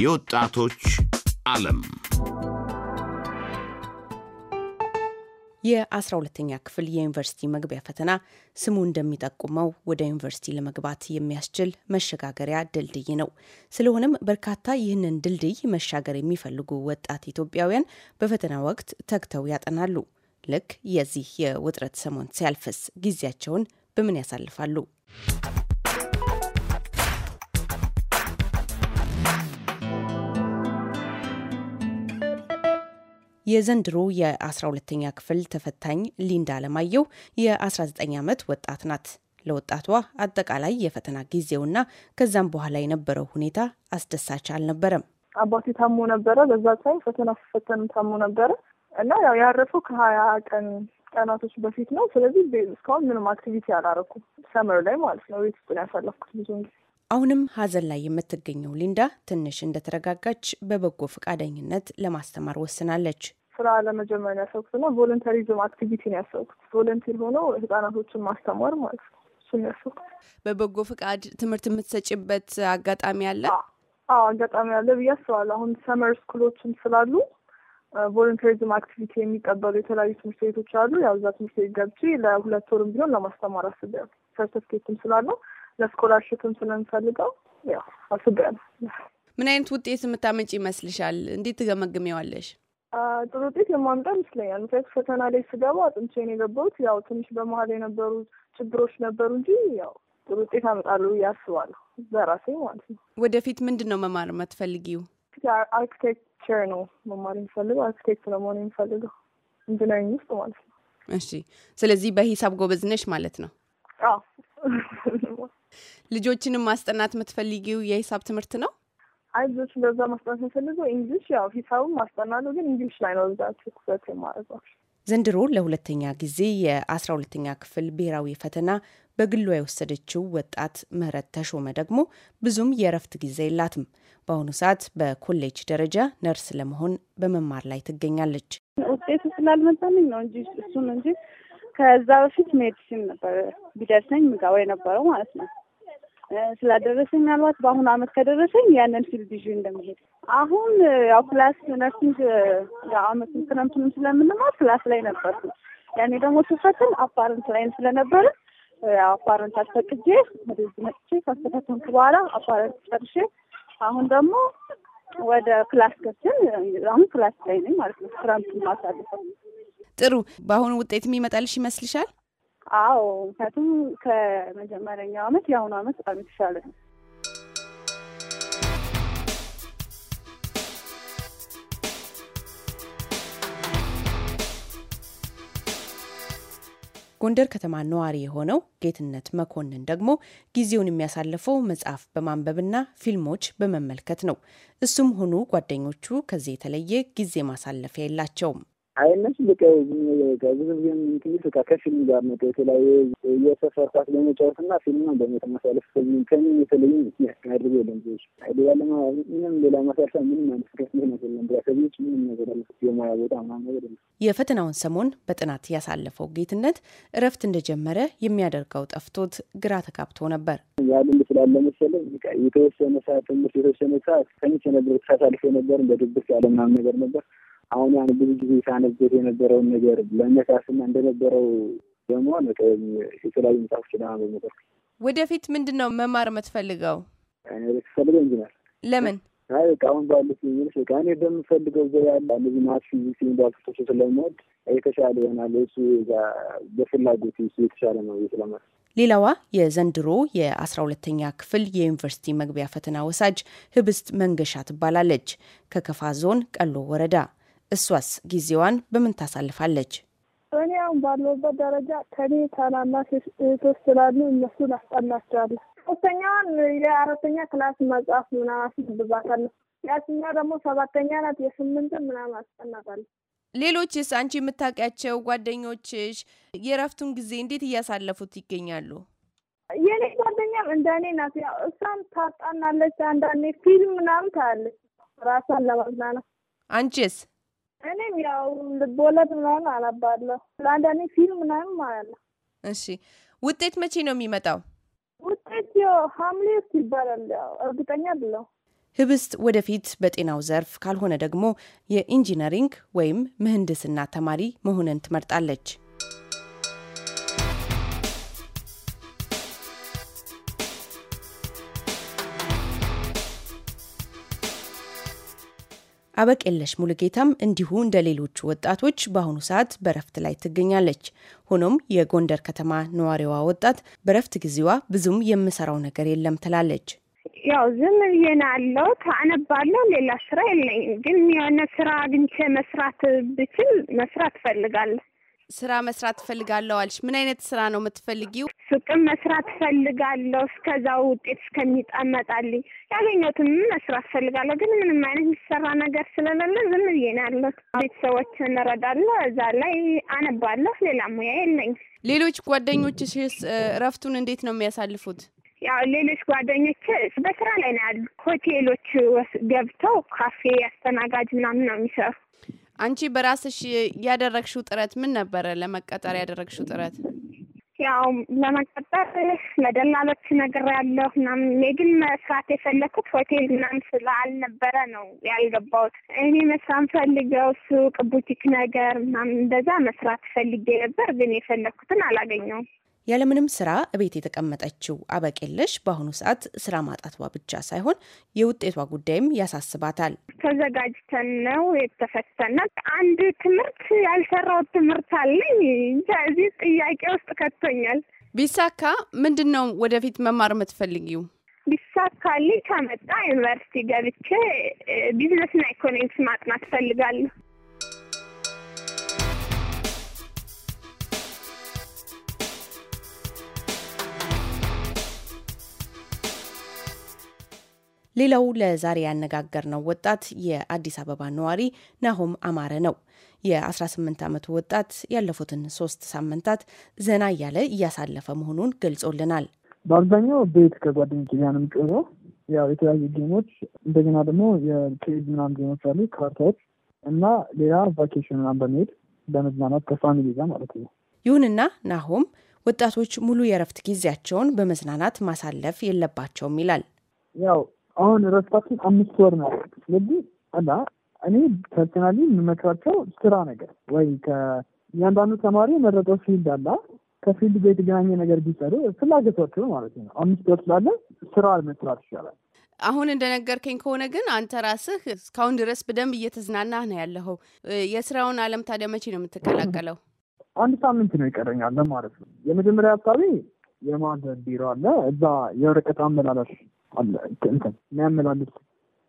የወጣቶች ዓለም የ12ተኛ ክፍል የዩኒቨርሲቲ መግቢያ ፈተና ስሙ እንደሚጠቁመው ወደ ዩኒቨርሲቲ ለመግባት የሚያስችል መሸጋገሪያ ድልድይ ነው። ስለሆነም በርካታ ይህንን ድልድይ መሻገር የሚፈልጉ ወጣት ኢትዮጵያውያን በፈተና ወቅት ተግተው ያጠናሉ። ልክ የዚህ የውጥረት ሰሞን ሲያልፍስ ጊዜያቸውን በምን ያሳልፋሉ? የዘንድሮ የ12ኛ ክፍል ተፈታኝ ሊንዳ አለማየሁ የ19 ዓመት ወጣት ናት። ለወጣቷ አጠቃላይ የፈተና ጊዜውና ከዛም በኋላ የነበረው ሁኔታ አስደሳች አልነበረም። አባቴ ታሞ ነበረ። በዛ ታይም ፈተና ሲፈተንም ታሞ ነበረ እና ያው ያረፈው ከሀያ ቀን ቀናቶች በፊት ነው። ስለዚህ እስካሁን ምንም አክቲቪቲ አላረኩም። ሰመር ላይ ማለት ነው። ቤት ውስጥ ነው ያሳለፍኩት ብዙውን ጊዜ። አሁንም ሀዘን ላይ የምትገኘው ሊንዳ ትንሽ እንደተረጋጋች በበጎ ፈቃደኝነት ለማስተማር ወስናለች። ስራ ለመጀመር ያሰብኩት እና ቮለንተሪዝም አክቲቪቲ ነው ያሰብኩት። ቮለንቲር ሆኖ ህጻናቶችን ማስተማር ማለት ነው። እሱን ያሰብኩት። በበጎ ፍቃድ ትምህርት የምትሰጭበት አጋጣሚ አለ? አዎ አጋጣሚ አለ ብዬ አስባለሁ። አሁን ሰመር ስኩሎችም ስላሉ ቮለንተሪዝም አክቲቪቲ የሚቀበሉ የተለያዩ ትምህርት ቤቶች አሉ። ያው እዛ ትምህርት ቤት ገብቼ ለሁለት ወርም ቢሆን ለማስተማር አስቤያለሁ። ሰርተፍኬትም ስላለው ለስኮላርሽፕም ስለምፈልገው ያው አስቤያለሁ። ምን አይነት ውጤት የምታመጭ ይመስልሻል? እንዴት ትገመግሜዋለሽ? ጥሩ ውጤት የማምጣ ይመስለኛል። ምክንያቱ ፈተና ላይ ስገባ አጥንቼ የገባሁት። ያው ትንሽ በመሀል የነበሩ ችግሮች ነበሩ እንጂ ያው ጥሩ ውጤት አመጣሉ ብዬ በራሴ ማለት ነው። ወደፊት ምንድን ነው መማር የምትፈልጊው? አርኪቴክቸር ነው መማር የሚፈልገው። አርኪቴክት ለመሆን የሚፈልገው ኢንጂነሪንግ ውስጥ ማለት ነው። እሺ፣ ስለዚህ በሂሳብ ጎበዝ ነሽ ማለት ነው? ልጆችንም ማስጠናት የምትፈልጊው የሂሳብ ትምህርት ነው? አይዞሽ እንደዛ ማስጠናት የምፈልገው እንግሊሽ ያው ሂሳቡን ማስጠናሉ ግን እንግሊሽ ላይ ነው እዛ ትኩረት የማደርገው። ዘንድሮ ለሁለተኛ ጊዜ የአስራ ሁለተኛ ክፍል ብሔራዊ ፈተና በግሏ የወሰደችው ወጣት ምህረት ተሾመ ደግሞ ብዙም የእረፍት ጊዜ የላትም። በአሁኑ ሰዓት በኮሌጅ ደረጃ ነርስ ለመሆን በመማር ላይ ትገኛለች። ውጤቱ ስላልመጣልኝ ነው እንጂ እሱን እንጂ ከዛ በፊት ሜዲሲን ነበር ቢደርሰኝ ምጋባ የነበረው ማለት ነው ስላደረሰኝ ምናልባት በአሁኑ አመት ከደረሰኝ ያንን ፊልድ ይዤ እንደምሄድ አሁን ያው ክላስ ነርሲንግ አመት ክረምቱንም ስለምንማር ክላስ ላይ ነበርኩ። ያኔ ደግሞ ስፈትን አፓረንት ላይ ስለነበረ አፓረንት አስፈቅጄ ወደዚህ መጥቼ ካስተፈተንኩ በኋላ አፓረንት ጨርሼ አሁን ደግሞ ወደ ክላስ ገብተን አሁን ክላስ ላይ ነኝ ማለት ነው። ክረምቱን ማሳልፈ ጥሩ። በአሁኑ ውጤት የሚመጣልሽ ይመስልሻል? አዎ፣ ምክንያቱም ከመጀመሪያኛው አመት የአሁኑ አመት በጣም የተሻለ ነው። ጎንደር ከተማ ነዋሪ የሆነው ጌትነት መኮንን ደግሞ ጊዜውን የሚያሳልፈው መጽሐፍ በማንበብና ፊልሞች በመመልከት ነው። እሱም ሆኑ ጓደኞቹ ከዚህ የተለየ ጊዜ ማሳለፊያ የላቸውም። አይነሱ በቃ ዝም ጊዜ ምንትንሽ በቃ ከፊልም ጋር ነው የተለያየ የሰፈር ኳስ በመጫወት እና ፊልም ነው ደግሞ የተመሳለፍ ከምን የተለዩ ያድርገ የለም ዜች ሌላ ምንም ሌላ ማሳለፊያ ምንም አይነት ፍቀት ሊሆን አይደለም ብራሰቤች ምንም ነገር የሙያ ቦታ ምናምን ነገር የለም። የፈተናውን ሰሞን በጥናት ያሳለፈው ጌትነት እረፍት እንደጀመረ የሚያደርገው ጠፍቶት ግራ ተጋብቶ ነበር። ያሉ ስላለ መሰለኝ የተወሰነ ሰዓት ትምህርት የተወሰነ ሰዓት ከሚቸ ነገር ሳሳልፎ ነበር በድብርት ያለ ምናምን ነገር ነበር አሁን ያን ብዙ ጊዜ ሳነብት የነበረውን ነገር ለመሳስና እንደነበረው ደግሞ የተለያዩ መጽሐፎች ለማንበብ ነበር። ወደፊት ምንድን ነው መማር የምትፈልገው? ፈልገው ኢንጂነር ለምን? አይ አሁን ባሉት ዩኒቨርስ በቃ እኔ በምፈልገው ዘ ያለ እነዚህ ማት ፊዚክስ የሚባሉ ትምህርቶች ስለምወድ የተሻለ ይሆናል። እሱ በፍላጎት እሱ የተሻለ ነው ስለማስ ሌላዋ የዘንድሮ የአስራ ሁለተኛ ክፍል የዩኒቨርሲቲ መግቢያ ፈተና ወሳጅ ህብስት መንገሻ ትባላለች። ከከፋ ዞን ቀሎ ወረዳ እሷስ ጊዜዋን በምን ታሳልፋለች? እኔ አሁን ባለበት ደረጃ ከኔ ታናናሽ እህቶች ስላሉ እነሱን አስጠናቸዋለሁ። ሶስተኛዋን የአራተኛ ክላስ መጽሐፍ ምናምን አስነብባታለሁ። ያችኛዋ ደግሞ ሰባተኛ ናት። የስምንትን ምናምን አስጠናታለሁ። ሌሎችስ አንቺ የምታውቂያቸው ጓደኞችሽ የእረፍቱን ጊዜ እንዴት እያሳለፉት ይገኛሉ? የኔ ጓደኛም እንደ እኔ ናት። ያው እሷም ታጣናለች። አንዳንዴ ፊልም ምናምን ታያለች ራሷን ለማዝናናት። አንቺስ? እኔም ያው ልቦለድ ምናምን አነባለሁ። ለአንዳንዴ ፊልም ምናምን አያለሁ። እሺ፣ ውጤት መቼ ነው የሚመጣው? ውጤት ያው ሐምሌ ውስጥ ይባላል። ያው እርግጠኛ ብለው ህብስት ወደፊት በጤናው ዘርፍ ካልሆነ ደግሞ የኢንጂነሪንግ ወይም ምህንድስና ተማሪ መሆንን ትመርጣለች። የለሽ ሙሉጌታም እንዲሁ እንደ ሌሎቹ ወጣቶች በአሁኑ ሰዓት በረፍት ላይ ትገኛለች። ሆኖም የጎንደር ከተማ ነዋሪዋ ወጣት በረፍት ጊዜዋ ብዙም የምሰራው ነገር የለም ትላለች። ያው ዝም ብዬ ነው ያለሁት፣ ሌላ ስራ የለኝም፣ ግን የሆነ ስራ አግኝቼ መስራት ብችል መስራት እፈልጋለሁ። ስራ መስራት ትፈልጋለሁ አልሽ። ምን አይነት ስራ ነው የምትፈልጊው? ሱቅም መስራት ፈልጋለሁ። እስከዛው ውጤት እስከሚጣመጣልኝ ያገኘሁትን መስራት ፈልጋለሁ። ግን ምንም አይነት የሚሰራ ነገር ስለሌለ ዝም ብዬ ነው ያለሁት። ቤተሰቦችን እረዳለሁ፣ እዛ ላይ አነባለሁ። ሌላ ሙያ የለኝም። ሌሎች ጓደኞችሽስ እረፍቱን እንዴት ነው የሚያሳልፉት? ያው ሌሎች ጓደኞች በስራ ላይ ነው ያሉ። ሆቴሎች ገብተው ካፌ አስተናጋጅ ምናምን ነው የሚሰሩ። አንቺ በራስሽ ያደረግሽው ጥረት ምን ነበረ? ለመቀጠር ያደረግሽው ጥረት? ያው ለመቀጠር ለደላሎች ነገር ያለሁ ምናምን ግን መስራት የፈለግኩት ሆቴል ምናምን ስላልነበረ ነው ያልገባሁት። እኔ መስራት ፈልገው ሱቅ፣ ቡቲክ ነገር ምናምን እንደዛ መስራት ፈልጌ ነበር፣ ግን የፈለግኩትን አላገኘውም። ያለምንም ስራ እቤት የተቀመጠችው አበቄለሽ በአሁኑ ሰዓት ስራ ማጣቷ ብቻ ሳይሆን የውጤቷ ጉዳይም ያሳስባታል። ተዘጋጅተን ነው የተፈተና አንድ ትምህርት ያልሰራው ትምህርት አለኝ እዚህ ጥያቄ ውስጥ ከቶኛል። ቢሳካ ምንድን ነው ወደፊት መማር የምትፈልጊው? ቢሳካልኝ ከመጣ ዩኒቨርሲቲ ገብቼ ቢዝነስና ኢኮኖሚክስ ማጥናት እፈልጋለሁ። ሌላው ለዛሬ ያነጋገርነው ወጣት የአዲስ አበባ ነዋሪ ናሆም አማረ ነው። የ18 ዓመቱ ወጣት ያለፉትን ሶስት ሳምንታት ዘና እያለ እያሳለፈ መሆኑን ገልጾልናል። በአብዛኛው ቤት ከጓደኞች ጊዜ ነው የምጮኸው። ያው የተለያዩ ጌሞች፣ እንደገና ደግሞ የኬዝ ምናምን ጌሞች አሉ፣ ካርታዎች እና ሌላ ቫኬሽን ምናምን በመሄድ በመዝናናት ከፋሚሊ ጋር ማለት ነው። ይሁንና ናሆም ወጣቶች ሙሉ የእረፍት ጊዜያቸውን በመዝናናት ማሳለፍ የለባቸውም ይላል። ያው አሁን ረስታችን አምስት ወር ነው። ስለዚህ እና እኔ ፐርሰናሊ የምመክራቸው ስራ ነገር ወይ እያንዳንዱ ተማሪ የመረጠው ፊልድ አላ ከፊልድ ጋር የተገናኘ ነገር ቢሰሩ ፍላጎታቸው ማለት ነው። አምስት ወር ስላለ ስራ መስራት ይቻላል። አሁን እንደነገርከኝ ከሆነ ግን አንተ ራስህ እስካሁን ድረስ በደንብ እየተዝናናህ ነው ያለኸው። የስራውን አለም ታዲያ መቼ ነው የምትቀላቀለው? አንድ ሳምንት ነው ይቀረኛል ማለት ነው። የመጀመሪያ ሀሳቤ የማዘር ቢሮ አለ እዛ የወረቀት አመላላሽ እንትን የሚያመላልስ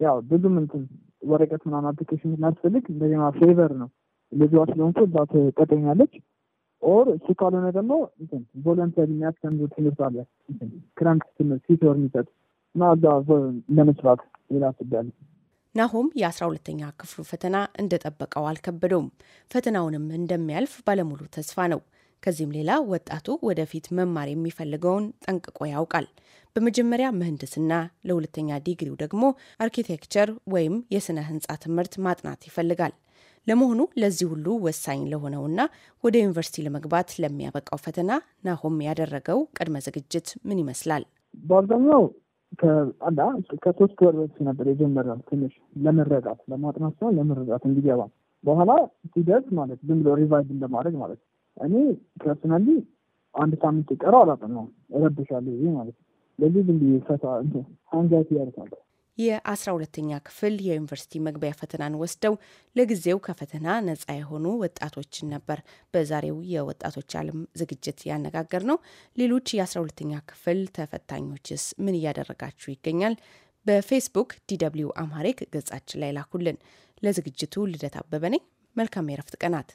ያው ብዙም እንትን ወረቀት ምናምን አፕሊኬሽን ስናስፈልግ እንደገና ፌቨር ነው ልጇ ስለሆንኩ እዛ ትቀጠኛለች። ኦር እሱ ካልሆነ ደግሞ እንትን ቮለንተሪ የሚያስተምሩ ትምህርት አለ ክረምት ትምህርት ሲቶር የሚሰጥ እና እዛ ለመስራት ሌላ ስዳለ ናሆም የአስራ ሁለተኛ ክፍሉ ፈተና እንደጠበቀው አልከበደውም። ፈተናውንም እንደሚያልፍ ባለሙሉ ተስፋ ነው። ከዚህም ሌላ ወጣቱ ወደፊት መማር የሚፈልገውን ጠንቅቆ ያውቃል። በመጀመሪያ ምህንድስና፣ ለሁለተኛ ዲግሪው ደግሞ አርኪቴክቸር ወይም የሥነ ህንፃ ትምህርት ማጥናት ይፈልጋል። ለመሆኑ ለዚህ ሁሉ ወሳኝ ለሆነውና ወደ ዩኒቨርሲቲ ለመግባት ለሚያበቃው ፈተና ናሆም ያደረገው ቅድመ ዝግጅት ምን ይመስላል? በአብዛኛው ከሶስት ወር በፊት ነበር የጀመረው። ትንሽ ለመረዳት ለማጥናት ሲሆን ለመረዳት እንዲገባ በኋላ ሲደርስ ማለት ዝም ብሎ ሪቫይዝ እንደማድረግ ማለት እኔ ፐርሰናሊ አንድ ሳምንት ቀረው አላጠናውም፣ እረብሻለሁ ይሄ ማለት ነው። ለዚህ ዝም ብዬ ፈታ የአስራ ሁለተኛ ክፍል የዩኒቨርሲቲ መግቢያ ፈተናን ወስደው ለጊዜው ከፈተና ነጻ የሆኑ ወጣቶችን ነበር በዛሬው የወጣቶች አለም ዝግጅት ያነጋገር ነው። ሌሎች የአስራ ሁለተኛ ክፍል ተፈታኞችስ ምን እያደረጋችሁ ይገኛል? በፌስቡክ ዲደብሊው አማሪክ ገጻችን ላይ ላኩልን። ለዝግጅቱ ልደት አበበ ነኝ። መልካም የረፍት ቀናት።